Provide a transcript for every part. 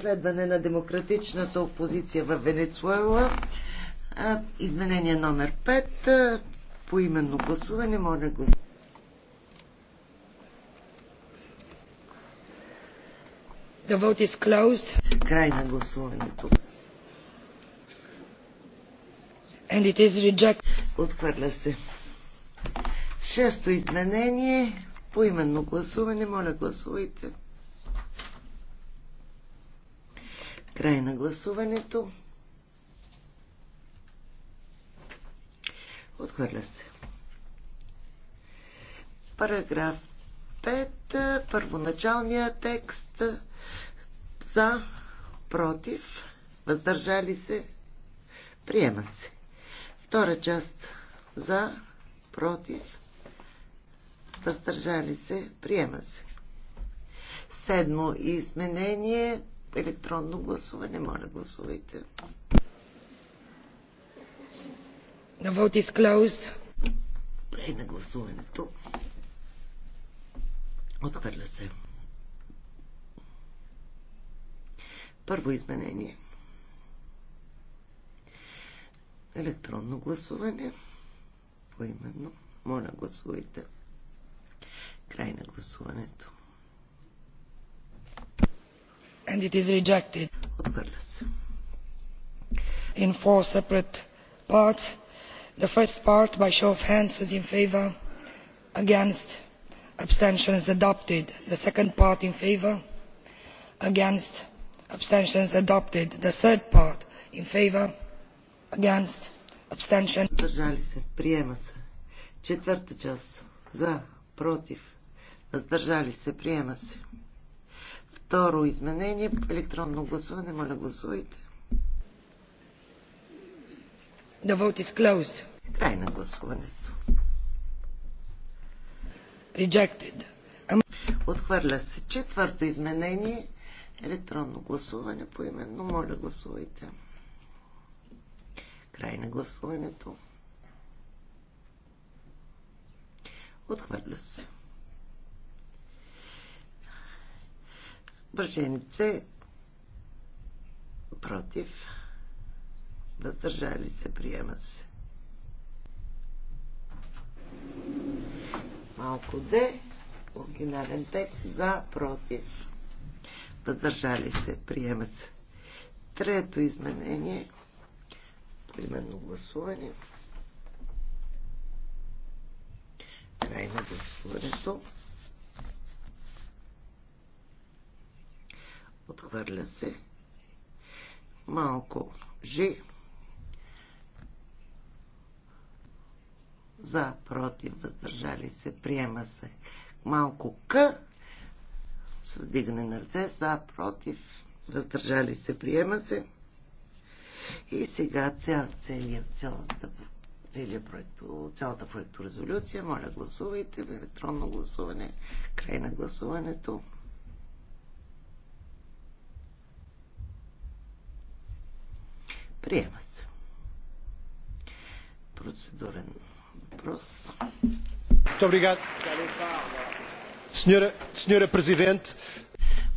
Следване на демократичната опозиция в Венецуела. Изменение номер 5. По именно гласуване. Моля гласуване. The vote is closed. Край на гласуването. And it is rejected. Отхвърля се. Шесто изменение. По именно гласуване. Моля гласувайте. Край на гласуването. Отхвърля се. Параграф 5. Първоначалния текст за, против, въздържали се, приема се. Втора част за, против, въздържали се, приема се. Седмо изменение електронно гласуване. Моля, гласувайте. На вот is closed. на гласуването. Отхвърля се. Първо изменение. Електронно гласуване. Поименно. Моля, гласувайте. Край на гласуването and it is rejected in four separate parts. the first part by show of hands was in favour against abstentions adopted. the second part in favour against abstentions adopted. the third part in favour against abstentions. въздържали се приема се. четвърта част за против въздържали се приема се. Второ изменение, електронно гласуване, моля гласувайте. Да вот is Край на гласуването. Rejected. Отхвърля се четвърто изменение, електронно гласуване по именно. Моля гласувайте. Край на гласуването. Отхвърля се. Бržенце против. Въздържали се, приема се. Малко Д. Оригинален текст за против. Въздържали се, приема се. Трето изменение. Именно гласуване. Край на гласуването. Отхвърля се. Малко жи. За, против, въздържали се, приема се. Малко К. С вдигане на ръце. За, против, въздържали се, приема се. И сега цял, целият, цялата, целият проект, цялата проекторезолюция. Моля, гласувайте в електронно гласуване. Край на гласуването. Приема се. Процедурен въпрос.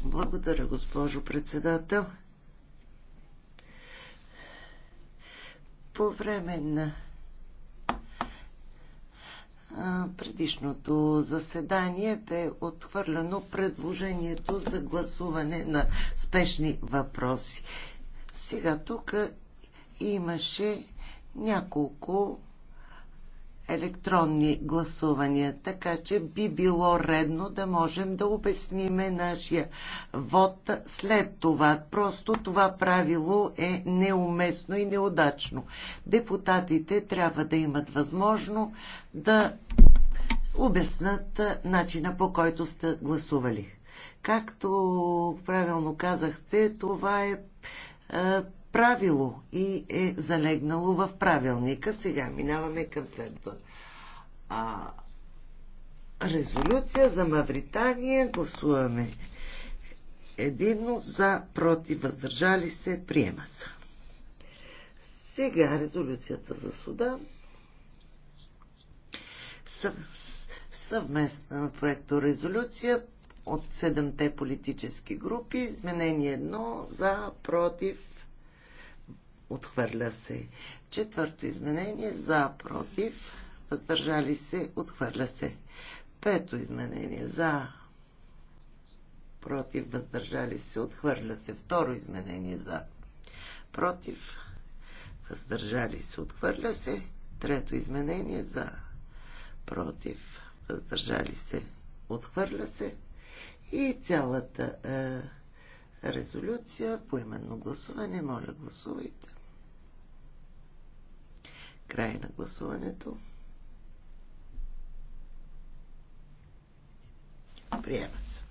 Благодаря, госпожо председател. По време на предишното заседание бе отхвърлено предложението за гласуване на спешни въпроси. Сега тук имаше няколко електронни гласувания, така че би било редно да можем да обясниме нашия вод след това. Просто това правило е неуместно и неудачно. Депутатите трябва да имат възможно да обяснат начина по който сте гласували. Както правилно казахте, това е, е правило и е залегнало в правилника. Сега минаваме към следва. резолюция за Мавритания. Гласуваме едино за, против, въздържали се, приема се. Сега резолюцията за суда. Съв, съвместна проекта резолюция от седемте политически групи. Изменение едно за, против, отхвърля се. Четвърто изменение за, против, въздържали се, отхвърля се. Пето изменение за, против, въздържали се, отхвърля се. Второ изменение за, против, въздържали се, отхвърля се. Трето изменение за, против, въздържали се, отхвърля се. И цялата е, резолюция по именно гласуване, моля гласувайте. Край на гласуването. Приема се.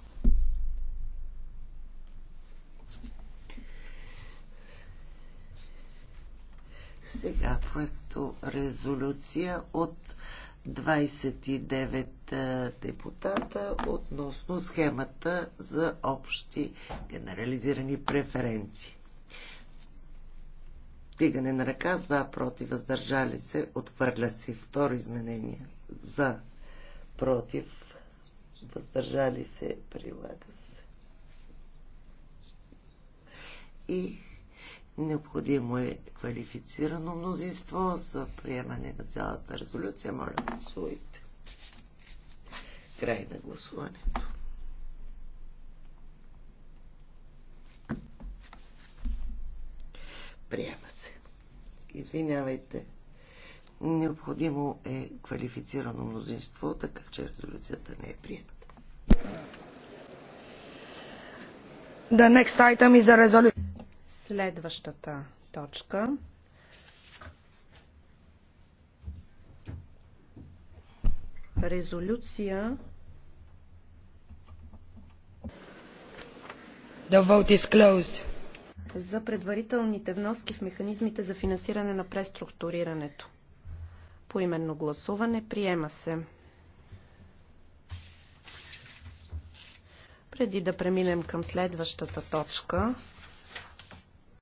Сега проекто резолюция от 29 депутата относно схемата за общи генерализирани преференции. Вдигане на ръка за, против, въздържали се, отхвърля се. Второ изменение за, против, въздържали се, прилага се. И необходимо е квалифицирано мнозинство за приемане на цялата резолюция. Моля, гласувайте. Край на гласуването. Приема се извинявайте. Необходимо е квалифицирано мнозинство, така че резолюцията не е приятна. The next item is a resolution. Следващата точка резолюция. The vote is closed за предварителните вноски в механизмите за финансиране на преструктурирането. По именно гласуване приема се. Преди да преминем към следващата точка,